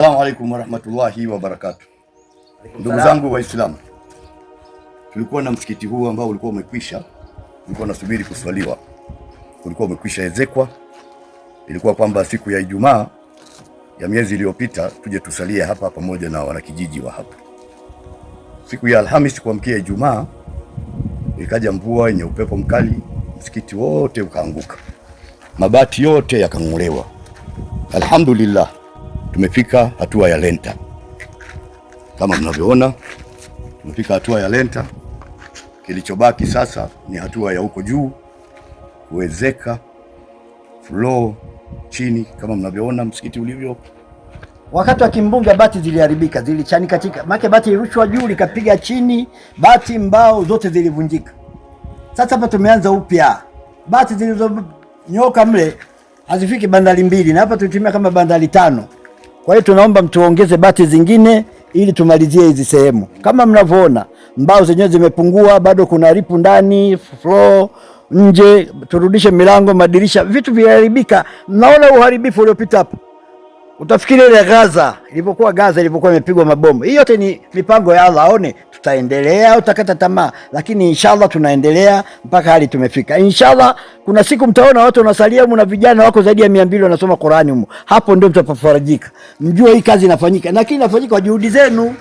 Assalamu alaikum warahmatullahi wabarakatu. Ndugu zangu Waislamu, tulikuwa na msikiti huu ambao ulikuwa umekwisha, ulikuwa unasubiri kuswaliwa, ulikuwa umekwisha ezekwa. Ilikuwa kwamba siku ya Ijumaa ya miezi iliyopita tuje tusalie hapa pamoja na wanakijiji wa hapa. Siku ya Alhamis kuamkia Ijumaa ikaja mvua yenye upepo mkali, msikiti wote ukaanguka, mabati yote yakang'olewa. Alhamdulillah tumefika hatua ya lenta. Kama mnavyoona tumefika hatua ya lenta. Kilichobaki sasa ni hatua ya huko juu kuwezeka floor chini, kama mnavyoona msikiti ulivyo. Wakati wa kimbunga bati ziliharibika, zilichanika, maana bati ilirushwa juu likapiga chini, bati, mbao zote zilivunjika. Sasa hapa tumeanza upya. Bati zilizonyoka mle hazifiki bandari mbili, na hapa tulitumia kama bandari tano. Kwa hiyo tunaomba mtuongeze bati zingine ili tumalizie hizi sehemu. Kama mnavyoona mbao zenyewe zimepungua, bado kuna ripu ndani, floor nje, turudishe milango, madirisha, vitu viharibika Naona uharibifu uliopita hapo, utafikiri ile Gaza ilivyokuwa, Gaza ilivyokuwa imepigwa mabomu. Hii yote ni mipango ya Allah, aone tutaendelea, utakata tamaa, lakini inshallah tunaendelea mpaka hali tumefika. Inshallah kuna siku mtaona watu wanasalia humu na vijana wako zaidi ya 200 wanasoma Qur'ani humu. Hapo ndio mtapafarajika, mjue hii kazi inafanyika, lakini inafanyika kwa juhudi zenu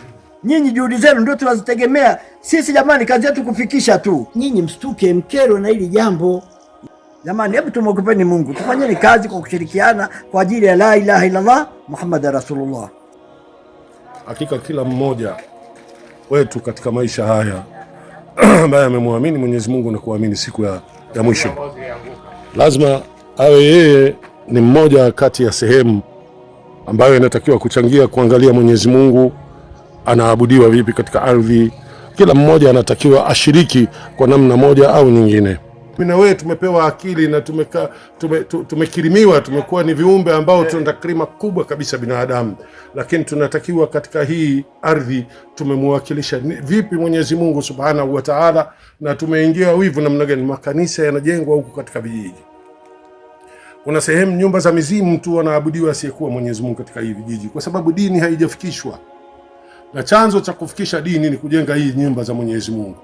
nyinyi. Juhudi zenu ndio tunazitegemea sisi. Jamani, kazi yetu kufikisha tu. Nyinyi mstuke, mkero na hili jambo. Jamani, hebu tumwogopeni Mungu, tufanyeni kazi kwa kushirikiana kwa ajili ya la ilaha illallah Muhammad rasulullah. Hakika kila mmoja wetu katika maisha haya ambaye amemwamini Mwenyezi Mungu na kuamini siku ya, ya mwisho, lazima awe yeye ni mmoja kati ya sehemu ambayo inatakiwa kuchangia kuangalia Mwenyezi Mungu anaabudiwa vipi katika ardhi. Kila mmoja anatakiwa ashiriki kwa namna moja au nyingine mimi na wewe tumepewa akili na tumeka, tume, tumekirimiwa tumekuwa ni viumbe ambao eh. tuna takrima kubwa kabisa binadamu, lakini tunatakiwa katika hii ardhi tumemwakilisha vipi Mwenyezi Mungu Subhanahu wa Ta'ala, na tumeingia wivu namna gani? Makanisa yanajengwa huku katika vijiji kuna sehemu nyumba za mizimu tu wanaabudiwa asiyekuwa Mwenyezi Mungu katika hii vijiji, kwa sababu dini haijafikishwa, na chanzo cha kufikisha dini ni kujenga hii nyumba za Mwenyezi Mungu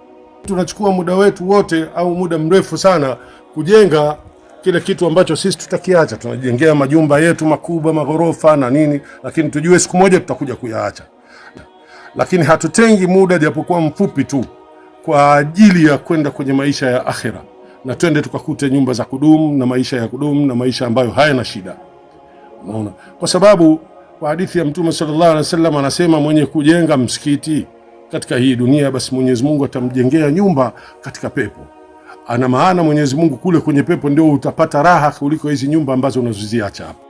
tunachukua muda wetu wote au muda mrefu sana kujenga kile kitu ambacho sisi tutakiacha. Tunajengea majumba yetu makubwa, maghorofa na nini, lakini tujue siku moja tutakuja kuyaacha. Lakini hatutengi muda japokuwa mfupi tu kwa ajili ya kwenda kwenye maisha ya akhira, na twende tukakute nyumba za kudumu na maisha ya kudumu na maisha ambayo hayana shida. Unaona, kwa sababu kwa hadithi ya Mtume sallallahu alaihi wasallam anasema mwenye kujenga msikiti katika hii dunia, basi Mwenyezi Mungu atamjengea nyumba katika pepo. Ana maana Mwenyezi Mungu kule kwenye pepo ndio utapata raha kuliko hizi nyumba ambazo unazoziacha hapa.